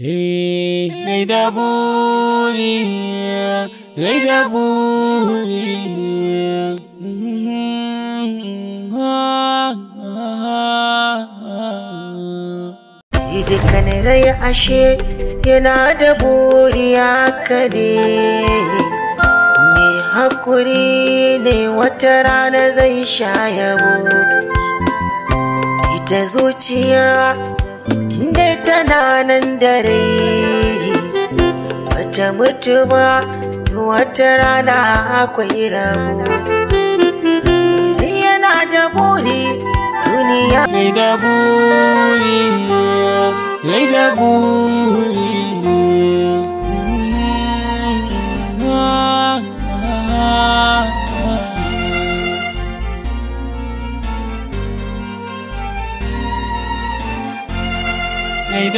Lai da buri, lai da buri. Mm-hmm. Dukkan ashe yana da buri haka ne, mai hakuri ne wata rana zai sha yabo. Ita zuciya da tana nan dare wata mutu ba wata rana akwai rabu yana da buri duniya mai da buri mai da buri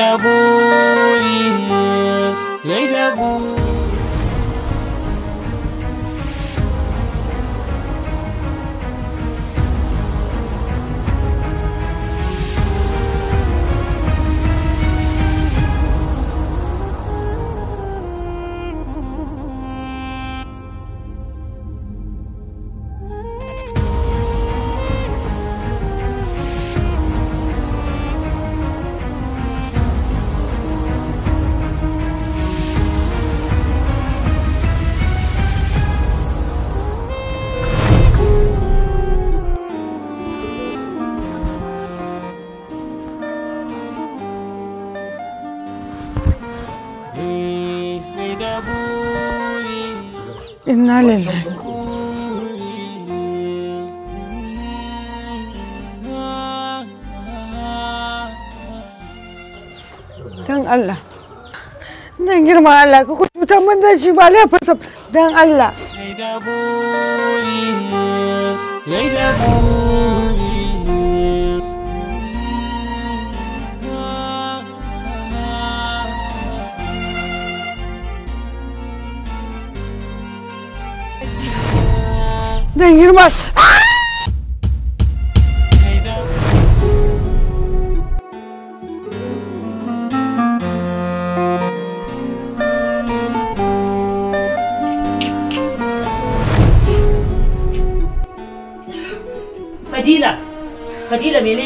da yi gai da buri. Inna lillahi. Dan Allah. Dan girma Allah ka kuta mun da shi ba laifinsa dan Allah. Yayi da buri. Yayi 外地了，外地了没呢？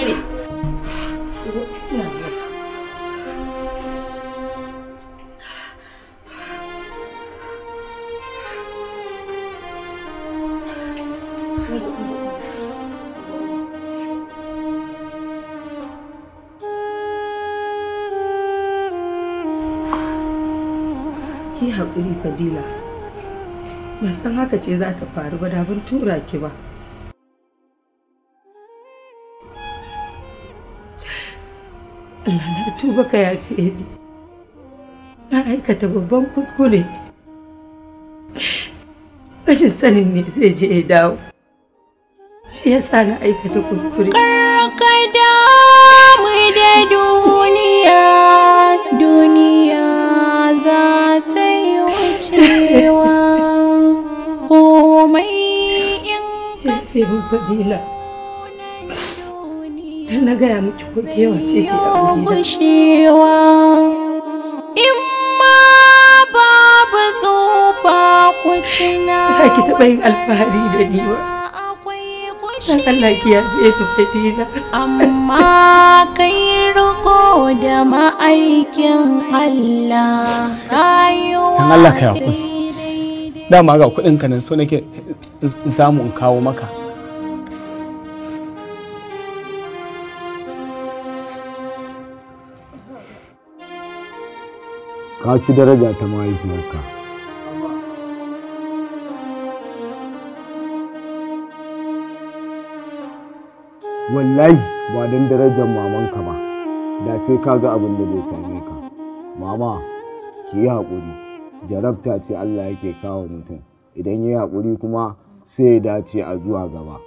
fadila ba san haka ce za ta faru ba da ban tura ki ba Allah na tuba ka yafe ni na aikata babban kuskure rashin sanin me zai je ya dawo shi yasa na aikata kuskure cewa komai in kasa fadila ta na gaya miki ko kewa ce ce a gushewa in ma babu tsofa kucina ba ki taɓa yin alfahari da ni ba dan Allah ki ya fadila amma kai riko da ma aikin Allah rayuwa Allah ka yaƙuri dama ga kudin ka nan so nake zamu in kawo maka ka ci daraja ta mahaifiyarka wallahi ba don darajar mamanka ba da sai ka ga abin da zai same ka mama ki yi haƙuri jarabta ce allah yake kawo mutum idan ya yi haƙuri kuma sai ya dace a zuwa gaba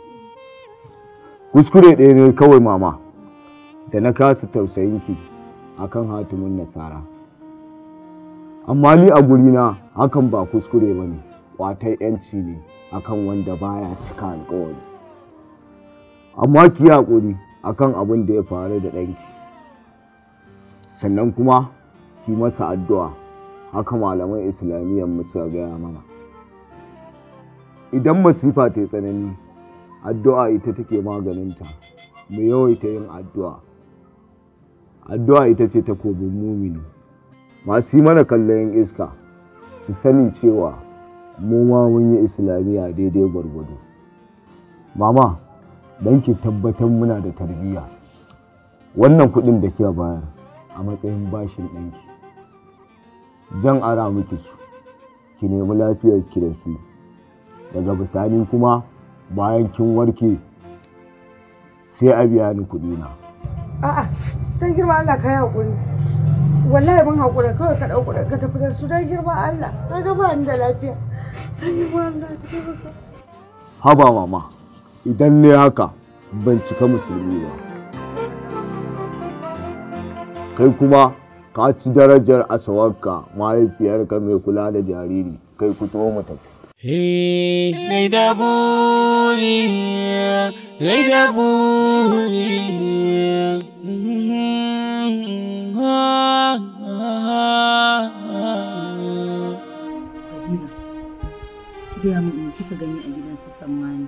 kuskure ɗaya ne kawai mama da na kasa tausayin ki akan hatimin nasara amma ni a gurina hakan ba kuskure ba ne ƙwatar 'yanci ne akan wanda baya cika alƙawari amma ki yi haƙuri a kan abin da ya faru da ɗanki sannan kuma ki masa addu'a haka malaman islamiyyar mu suka gaya mana idan masifa ta tsanani addu'a ita take maganinta mu yawaita yin addu'a addu'a ita ce ta kobin mumini masu yi mana kallon iska su sani cewa mu ma mun yi islamiyya daidai gwargwado mama don ki tabbatar muna da tarbiyya wannan kuɗin da kika bayar a matsayin bashin ɗinki, zan ara miki su ki nemi lafiyar ki da su daga bisani kuma bayan kin warke sai a biya ni kuɗi na a'a dan girma Allah ka yi hakuri wallahi mun hakura kawai ka dauko ka tafi da su dan girma Allah ka ga ba ni da lafiya dan girma Allah ka haba mama idan ne haka ban cika musulmi ba kai kuma ka ci darajar asawarka mahaifiyarka mai kula da jariri kai ku tuwo mu tafi Zai da buri, da gaya in kika gani a gidan su sammani.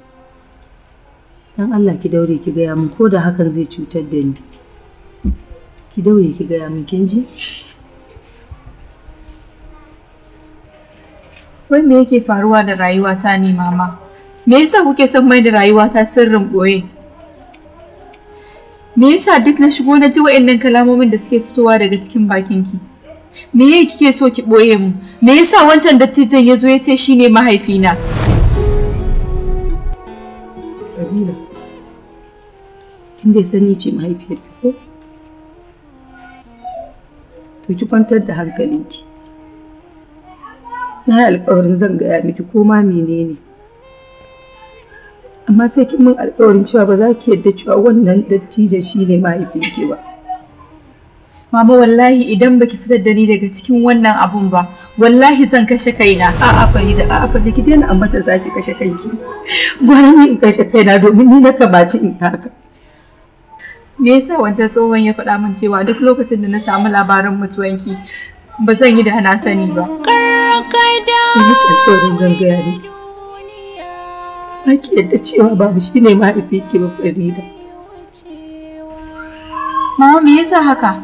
Dan Allah ki daure ki gaya min ko da hakan zai cutar da ni. ki daure ki gaya min kin ji wai me yake faruwa da rayuwata ne mama me yasa kuke son mai da rayuwata sirrin boye me yasa duk na shigo na ji wa'annan kalamomin da suke fitowa daga cikin bakinki me yake kike so ki boye mu me yasa wancan dattijan ya zo ya ce shine mahaifina kin bai sani ce mahaifiyar to ki kwantar da hankalinki na yi alkawarin zan gaya miki ko ma menene amma sai kin min alkawarin cewa ba za ki yadda cewa wannan dattijan shi ne mahaifinki ba Mama wallahi idan baki fitar da ni daga cikin wannan abun ba, wallahi zan kashe kaina. A'a Farida, a'a Farida ki daina ambata zaki kashe kanki. gwanin in kashe kaina domin ni na kamaci in haka. me yasa wancan tsohon ya faɗa min cewa duk lokacin da na samu labarin mutuwanki ba zan yi da na sani ba karkada zan gaya da ki ba ki yadda cewa babu shi ne mahaifinki ba farida mama me yasa haka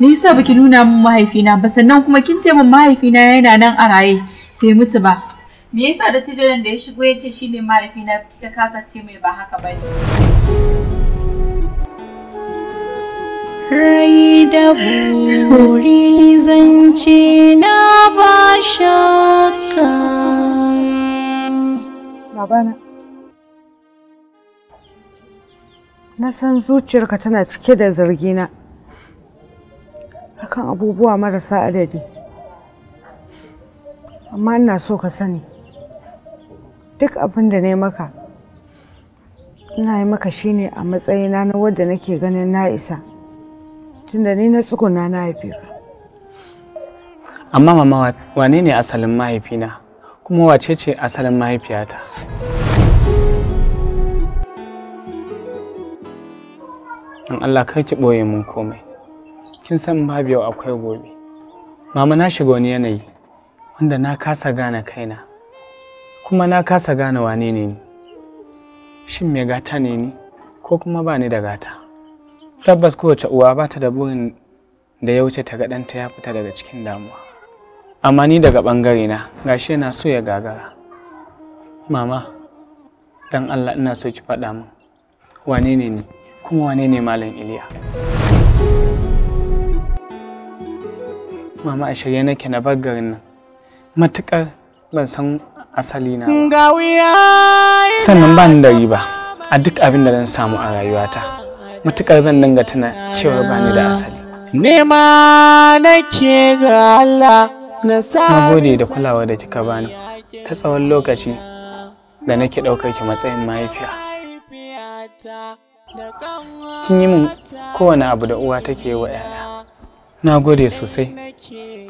me yasa baki nuna min mahaifina ba sannan kuma kin ce min mahaifina yana nan a raye bai mutu ba me yasa da tijiran da ya shigo ya ce shi ne mahaifina kika kasa ce mai ba haka ba ne. rai da buri zance na ba shakka babana na san zuciyarka tana cike da zargi na. akan abubuwa marasa adadi amma ina so ka sani duk abin da na yi maka ina yi maka shine a matsayina na wadda nake ganin na isa tunda ni na tsuguna na haife ka amma mama wane ne asalin mahaifina kuma wace ce asalin mahaifiyata in Allah kar ki ɓoye mun komai kin san babu yau akwai gobe mama na shiga wani yanayi wanda na kasa gane kaina kuma na kasa gane wane ne ni shin me gata ne ni ko kuma ba ni da gata tabbas kowace uwa ba ta da burin da ya wuce ta ga ɗanta ya fita daga cikin damuwa amma ni daga bangare na gashi yana so ya gagara mama dan allah ina so ki faɗa min wane ne ni kuma wane ne malam iliya mama a shirye nake na bar garin nan matuƙar ban san asali na ba sannan ba ni da riba a duk abin da zan samu a rayuwata matuƙar zan dinga tana cewar ba ni da asali nema nake ga Allah na sa na gode da kulawa da kika bani ta tsawon lokaci da nake ɗaukar ki matsayin mahaifiya kin yi min kowane abu da uwa take yi wa 'ya'ya na gode sosai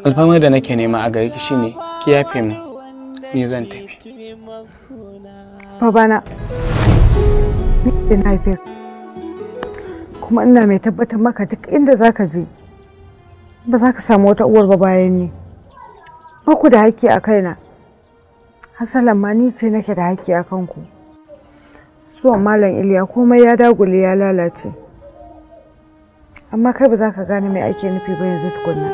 alfamar da nake nema a gare ki shine ki yafe mu ni zan tafi babana da na kuma ina mai tabbatar maka duk inda za ka je ba za ka samu wata uwar ba bayan ni ba ku da haƙƙi a kaina hasalan ma ni ce nake da haƙƙi a kanku zuwan malam iliya komai ya dagule ya lalace amma kai ba za ka gane mai ake nufi ba yanzu tukunna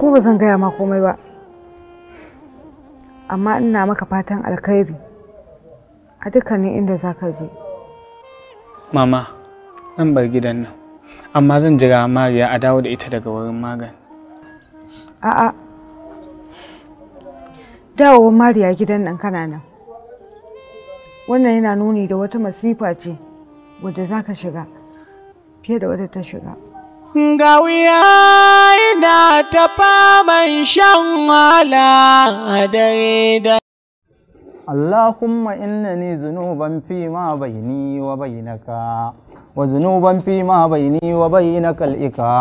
kuma ba zan gaya ma komai ba amma ina maka fatan alkhairi a dukkanin inda za ka je. Mama, zan bar gidan nan, amma zan jira Mariya a dawo da ita daga wurin magani. A'a, dawowar Mariya gidan nan kana nan. Wannan yana nuni da wata masifa ce wadda za ka shiga, fiye da wadda ta shiga. ga wuya ina ta faman shan wala. اللهم إنني ذنوبا فيما بيني وبينك وذنوبا فيما بيني وبينك الإكا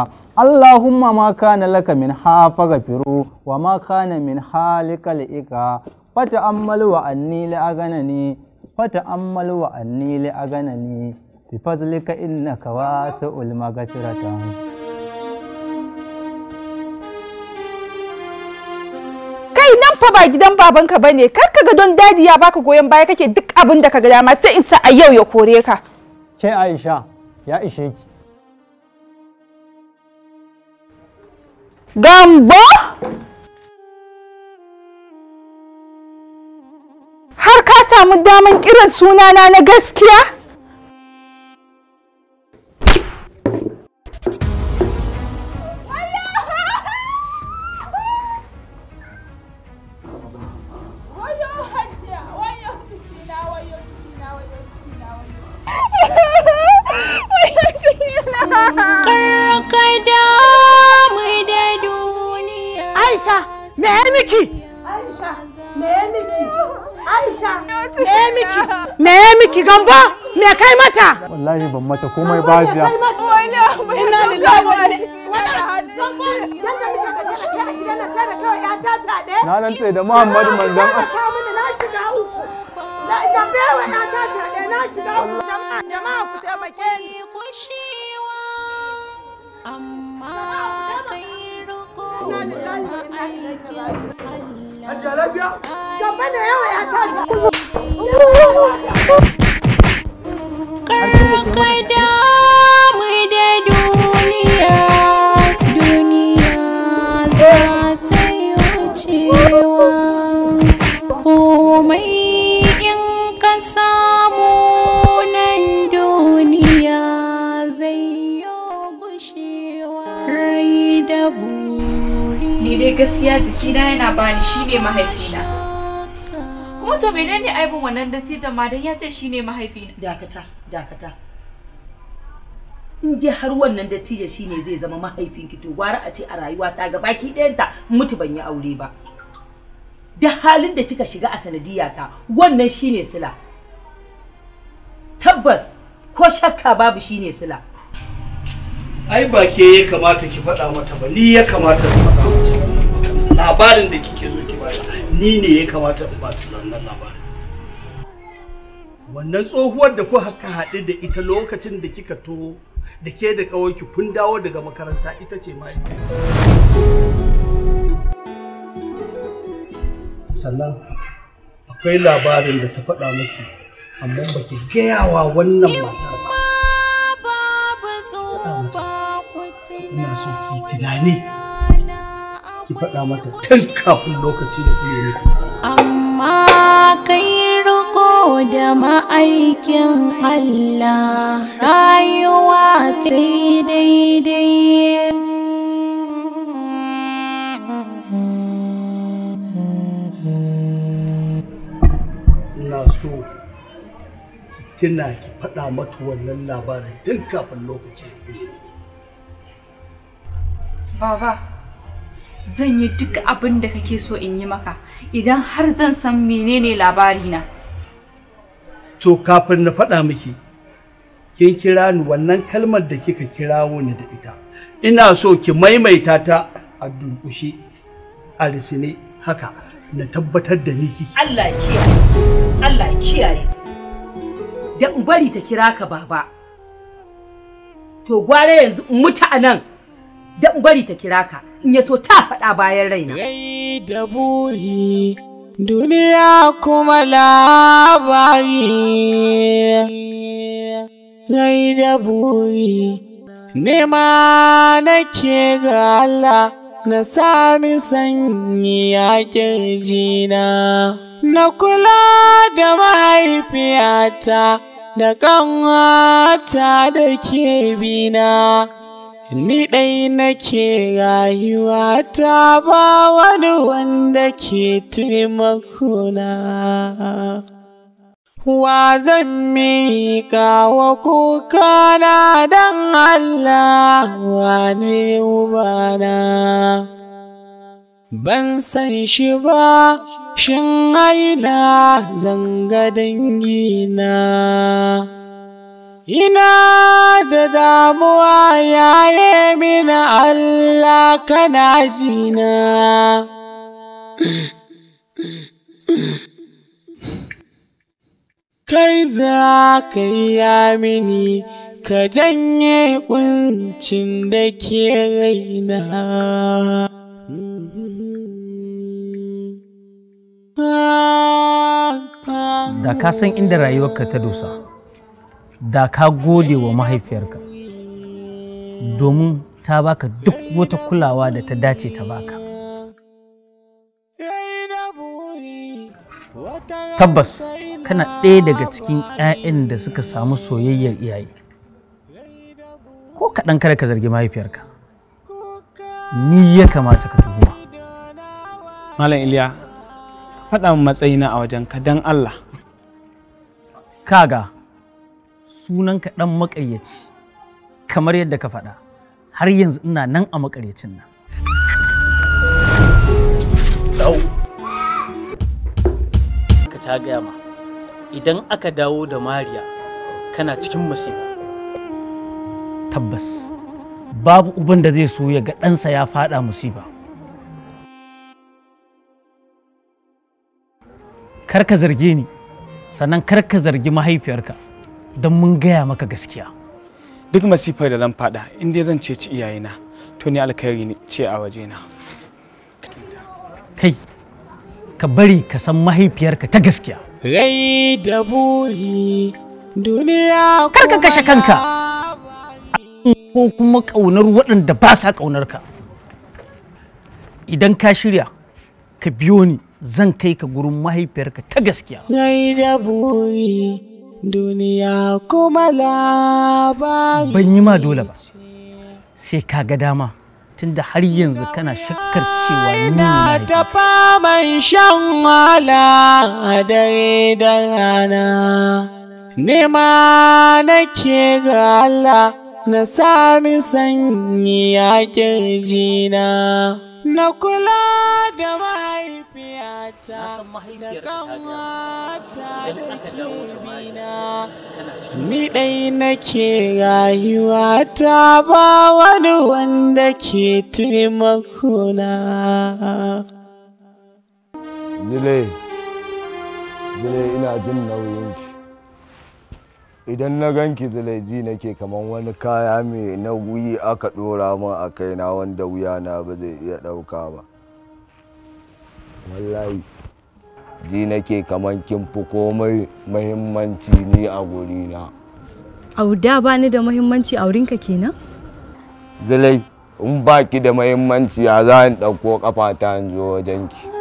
اللهم ما كان لك من حا فغفره وما كان من حالك الإكا فتأمل وأني لأغنني فتأمل وأني لأغنني بفضلك إنك واسع المغفرة fa ba gidan babanka ba ne kar ka ga don daji ya baka goyon baya kake duk abin da ka ga dama sai in sa a yau ya kore ka ke Aisha ya ishe ki Gambo Har ka samu daman kiran sunana na gaskiya? me ya miki aisha me miki aisha me miki me miki gambo me kai mata wallahi ban mata komai ba biya na nan tsaye da muhammadu jama'a ku taimake ni Hajiya yawa kai da gaskiya jikina yana bani shine mahaifina kuma to menene aibin wannan dattijan ma dan ya ce shine mahaifina dakata dakata in har wannan dattijo shine zai zama mahaifinki to gwara a ce a rayuwa ta ga baki ɗayanta mutu ban yi aure ba da halin da kika shiga a sanadiyya ta wannan shine sila tabbas ko shakka babu shine sila ai ba ke ya kamata ki faɗa mata ba ni ya kamata ki faɗa mata labarin da kike zo ki ni ne ya kamata in bata wannan labarin wannan tsohuwar da kuka haɗe da ita lokacin da kika to da ke da ki kun dawo daga makaranta ita ce ma sannan akwai labarin da ta faɗa miki amma baki gayawa wannan matar ba ina so ki tunani ki faɗa mata tun kafin lokaci ya kure miki amma kai riko da ma'aikin Allah rayuwa ta daidai ina so tuna ki faɗa mata wannan labarin tun kafin lokaci ya kure miki Baba, zan yi duk abin da kake so in yi maka idan har zan san menene na. To kafin na faɗa miki, kin kira ni wannan kalmar da kika kirawo ni da ita. Ina so ki maimaita ta a dunkushe, a risine haka na tabbatar da ni Allah kiyaye, Allah kiyaye. Da in ta kira ka baba. To gware yanzu mutu a nan. dan bari ta kira ka in ya so ta faɗa bayan raina yayi da buri duniya kuma labari yayi da buri nema nake ga Allah na sami sanyi a kirjina na kula da mahaifiyata da ƙanwata da ke bina Ni ɗai nake rayuwa ta ba wani wanda ke taimakona. Wa zan miƙa wa kuka na don Allah wane ubana. Ban san shi ba, shin aina zanga dangina. Ina da damuwa ya yi mini Allah kana jina. Kai za ka yi mini ka janye kuncin da ke raina. Da ka san inda rayuwarka ta dosa. da ka gode wa mahaifiyarka domin ta baka duk wata kulawa da ta dace ta baka tabbas kana ɗaya daga cikin 'ya'yan da suka samu soyayyar iyaye ko kaɗan kada ka zargi mahaifiyarka ni ya kamata ka tuhuma malam iliya faɗa matsayina a wajen ka don allah kaga sunanka ɗan makaryaci kamar yadda ka faɗa har yanzu ina nan a makaryacin nan. Ka ta gaya ma idan aka dawo da Mariya kana cikin masifa. Tabbas babu uban da zai so ya ga ɗansa ya faɗa musiba. Kar ka zarge ni sannan kar ka zargi mahaifiyarka. don mun gaya maka gaskiya duk masifar da zan fada in dai zan ci iyayena to ni alkhairi ne ce a wajena kai ka bari ka san mahaifiyarka ta gaskiya rai da buri duniya kar ka kashe kanka ko kuma kaunar waɗanda ba sa kaunar ka idan ka shirya ka biyo ni zan kai ka gurin mahaifiyarka ta gaskiya rai da buri duniya kuma labari ban yi ma dole ba sai ka ga dama tunda har yanzu kana shakkar cewa ni ta faman shan wala dare da rana nema nake ga Allah na sami sanyi a kirjina na kula da mahaifiyata da kanwata da ke bina ni ɗai nake rayuwa ta ba wani wanda ke taimakona zile zile ina jin nauyinki idan na gan ki ji nake kamar wani kaya mai na wuyi aka dora min a kaina wanda wuya na ba zai iya dauka ba wallahi ji nake kamar kin fi komai muhimmanci ni a na auda ba ni da muhimmanci a ka kenan zalai in baki da muhimmanci a za in ɗauko kafata in zo wajenki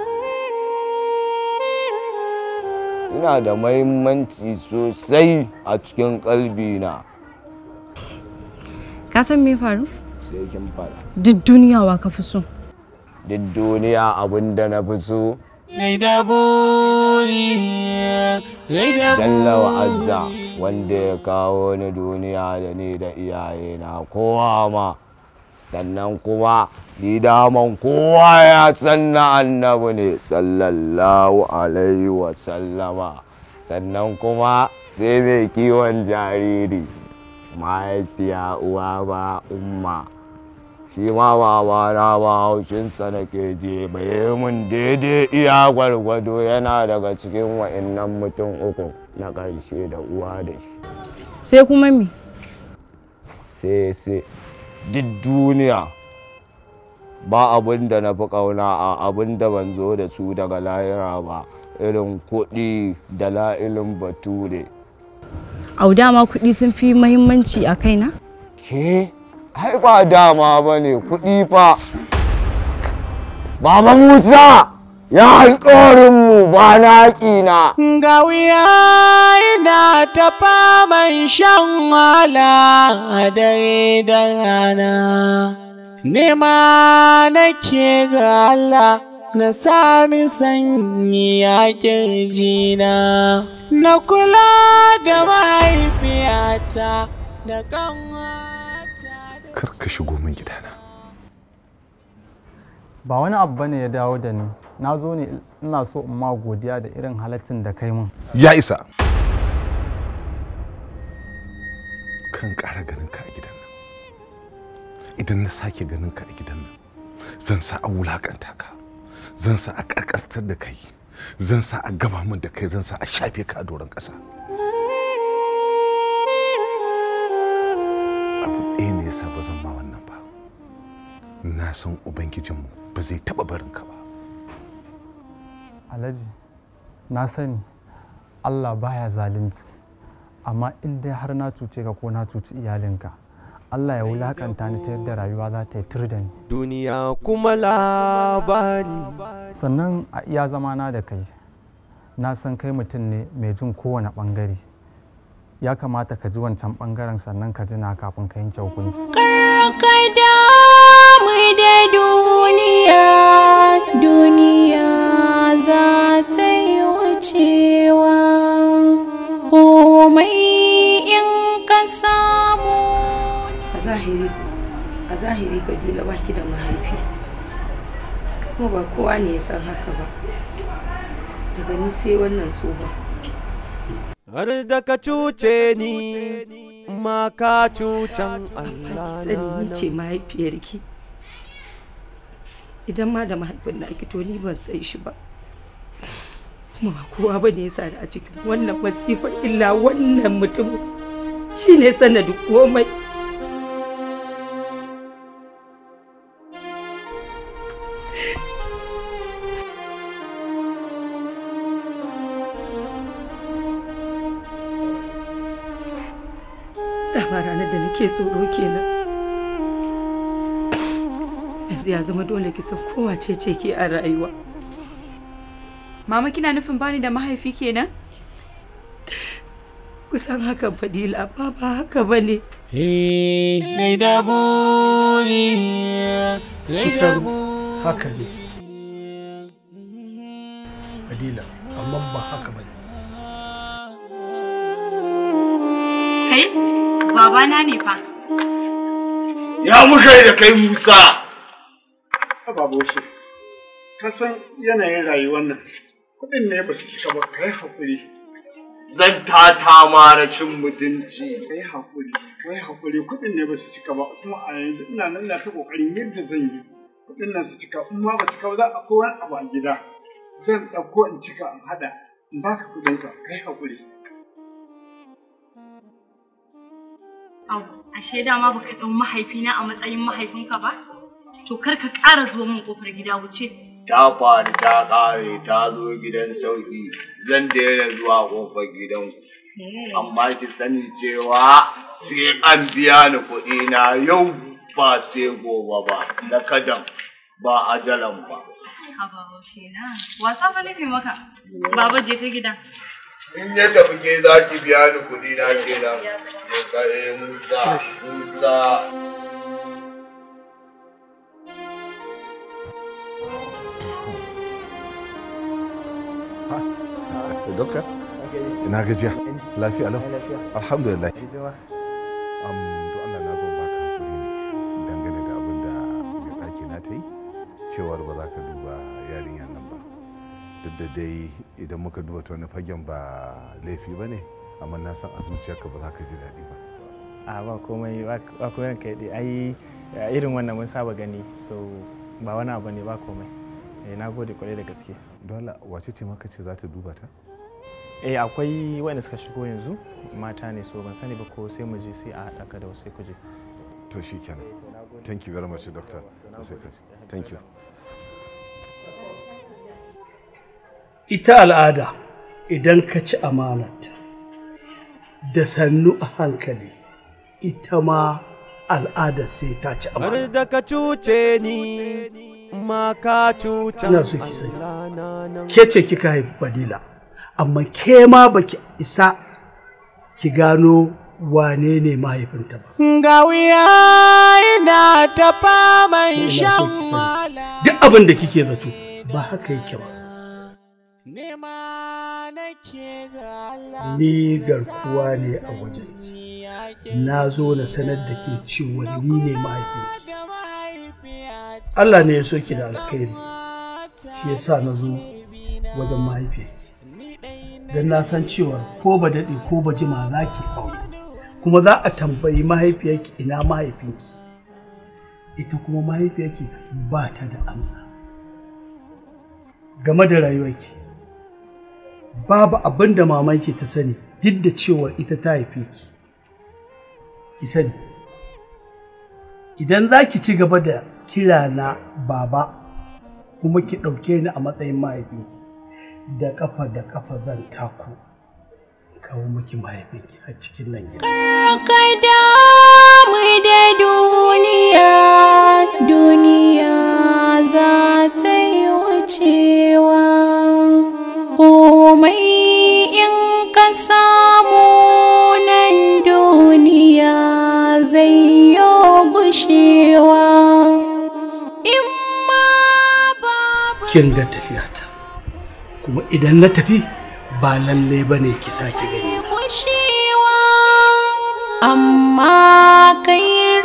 ina da mahimmanci sosai a cikin kalbina ka san me faru sai kin fara duk duniya wa ka fi so duk duniya abin da na fi so Jalla wa Azza wanda ya kawo ni duniya da ni da iyayena kowa ma sannan kuma ni daman kowa ya san na annabi ne sallallahu alaihi wa sallama sannan kuma sai mai kiwon jariri mahaifiya uwa ba umma shi ma ba na ba haushinsa na ke je baye mun daidai iya gwargwado yana daga cikin wa'innan mutum uku na ƙarshe da uwa da shi sai kuma mi sai sai duk duniya ba abin da na fi ƙauna a abin da ban zo da su daga lahira ba irin kuɗi da la'ilin bature au dama kuɗi sun fi mahimmanci a kaina? ke ai ba dama ba ne kuɗi fa baban wuta ya alƙawarin Bana ƙina. Ga wuya ina ta faman shan wala dare da rana, nema nake ga Allah na sami sanyi a ƙirjina, na kula da mahaifiyata da ƙanwata. Kar ka shigo min gidana. Ba wani abu bane ya dawo da ni, na zo ne ina so in ma godiya da irin halaccin da kai mun ya isa kan ƙara ganin ka a gidan nan idan na sake ganin ka a gidan nan zan sa a wulakanta ka zan sa a ƙarƙastar da kai zan sa a gaba min da kai zan sa a shafe ka a doron ƙasa abu ɗaya ne sa ba zan ma wannan ba na san ubangijinmu ba zai taɓa barin ka ba alhaji na sani allah baya zalunci amma in dai har na cuce ka ko na cuci iyalinka allah ya wulakanta ni ta yadda rayuwa za ta yi tur da ni duniya kuma labari sannan a iya zama na da kai na san kai mutum ne mai jin kowane bangare ya kamata ka ji wancan bangaren sannan ka ji na kafin ka yanke hukunci karkada mai da duniya duniya zahiri kabila ba ki da mahaifi kuma ba kowa ne ya san haka ba daga ni sai wannan tsoba har da ka cuce ni ma ka cucan Allah na ni ce mahaifiyarki idan ma da mahaifin na to ni ban sai shi ba kuma ba kowa ba ne ya sa a cikin wannan masifa illa wannan mutum shi ne sanadin komai yanzu ya zama dole ki san kowace ce ke a rayuwa. Mama kina nufin bani da mahaifi kenan? Kusan hakan fadila ba ba haka ba ne. Lai eh, da buri, Kusan haka ne. Fadila, amma ba haka ba ne. Kai, babana ne fa. Ya mushe da kai Musa. baboshi ka san yanayin rayuwar nan kuɗin ne ba su cika ba kai haƙuri zan ta ta mara cin mutunci kai haƙuri kai haƙuri kuɗin ne ba su cika ba kuma a yanzu ina nan na ta ƙoƙarin yadda zan yi kuɗin nan su cika in ma ba cika ba za a kowa abu a gida zan ɗauko in cika in haɗa in baka ka kai haƙuri Au, ashe dama baka ɗau mahaifina a matsayin mahaifinka ba? to kar ka ƙara zuwa mun kofar gida wuce. Ta faru ta ƙare ta zo gidan sauƙi zan daina zuwa kofar gidan hmm. Amma ki sani cewa sai an biya ni kuɗi na yau ba sai gobe ba na kadan ba ajalan ba. Haba wasa fa nufi maka baba je ka gida. in ya tafi ke za ki biya ni kuɗi na kenan. Musa, Musa. Dokta? Ina gajiya. Lafiya lau. Alhamdulillah. to Allah na zo baka dangane da abin da mai ɗaki na ta yi cewar ba za ka duba yarinyar nan ba. Duk da dai idan muka duba ta wani fagen ba laifi ba ne, amma na san a zuciyarka ba za ka ji daɗi ba. A ba komai ba komai kai dai ai irin wannan mun saba gani so ba wani abu ne ba komai. Eh, na gode kwarai da gaske. Dole wace ce maka ce za ta duba ta? eh akwai wanda suka shigo yanzu mata ne so ban sani ba ko sai mu je sai a haɗa ka da wasu kuje to kenan thank you very much doctor thank you ita al'ada idan ka ci amanata da sannu a hankali ita ma al'ada sai ta ci amana. da ka cuce ni ma ka cuce Ina so ki sani. Ke ce kika haifi Fadila. amma ke ma ki isa ki gano wane ne mahaifinta ba. Ga wuya ina ta faman shan mala. Duk abin da kike zato ba haka yake ba. Ni garkuwa ne a wajen. Na zo na sanar da ke cewa ni ne mahaifinki. Allah ne ya so ki da alkhairi. Shi yasa na zo wajen mahaifi. don na san cewa ko ba daɗe ko ba jima za ki aure kuma za a tambayi mahaifiyarki ina mahaifinki ita kuma mahaifiyarki ba ta da amsa game da rayuwarki babu abin da mamanki ta sani duk da cewar ita ta haife ki ki sani idan za ki ci gaba da kira na baba kuma ki ɗauke ni a matsayin mahaifinki da ƙafa da ƙafa zan taku kawo miki mahaifinki a cikin nan gida. Karkada da duniya, duniya za ta yi wucewa. Komai in ka samu nan duniya zai yi gushewa. In ma ba Kin ga tafiya kuma idan na tafi ba lallai ba ne ki sake gani amma kai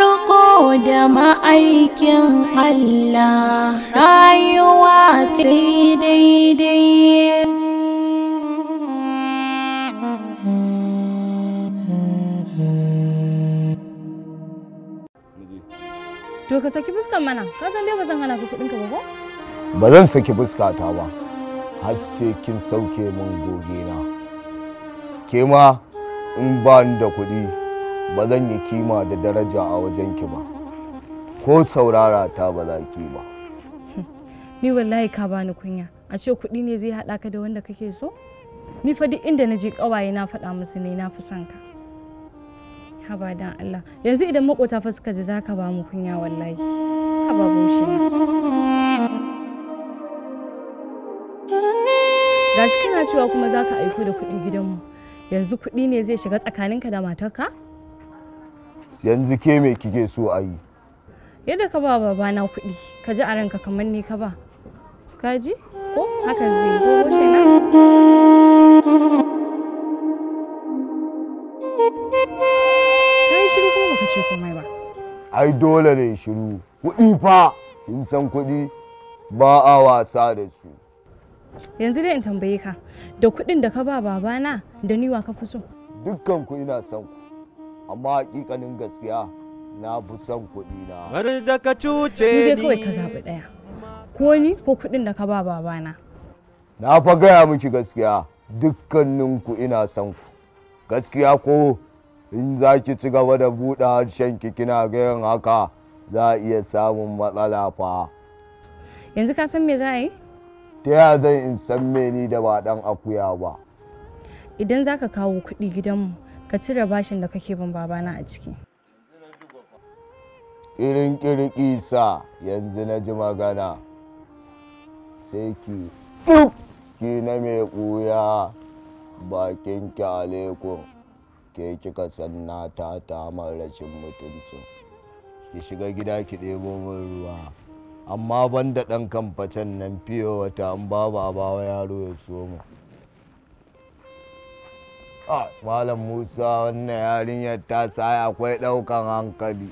riko da ma'aikin Allah rayuwa ta daidai To ka saki fuskar mana, ka san dai ba zan hana ka kuɗinka ba Ba zan saki fuskata ba. har sai kin sauke min goge na ke ma in ba ni da kuɗi ba zan yi kima da daraja a wajen ki ba ko saurara ta ba za ki ba ni wallahi ka bani kunya a ce kuɗi ne zai haɗa ka da wanda kake so ni fa duk inda na je ƙawaye na faɗa musu ne na fi son ka haba dan Allah yanzu idan makota fa suka ji zaka ba mu kunya wallahi haba bushe gashi kana cewa kuma za ka aiko da kuɗi gidanmu yanzu kuɗi ne zai shiga tsakaninka da matarka yanzu ke me kike so a yi yadda ka ba babana kuɗi ka ji a ranka kamar ni ka ba ka ji ko hakan zai na. ka yi shiru kuma ce ba ai dole ne shiru kuɗi fa in san kuɗi ba a wasa da su yanzu dai in tambaye ka da kuɗin da ka ba babana da niwa ka fi so dukkan ku ina son ku amma hakikanin gaskiya na fi son kuɗi na har da ka cuce ni dai kawai ka zaɓi ɗaya ko ni ko kuɗin da ka ba babana na fa gaya miki gaskiya dukkaninku ina son ku gaskiya ko in za ki ci gaba da buɗe harshenki kina gayan haka za a iya samun matsala fa yanzu ka san me za a yi ta ya zan in san meni da ba dan akuya ba idan za ka kawo kuɗi gidanmu ka cire bashin da kake bin babana a ciki irin kirki sa yanzu na ji magana sai ki duk ki na mai ƙuya bakin ki alaikum ke kika san na ta ta rashin mutuncin ki shiga gida ki ɗebo ruwa amma ban da ɗan kamfacen nan fiye wata an babu a bawa yaro ya so mu malam musa wannan yarinyar ta saya akwai ɗaukan hankali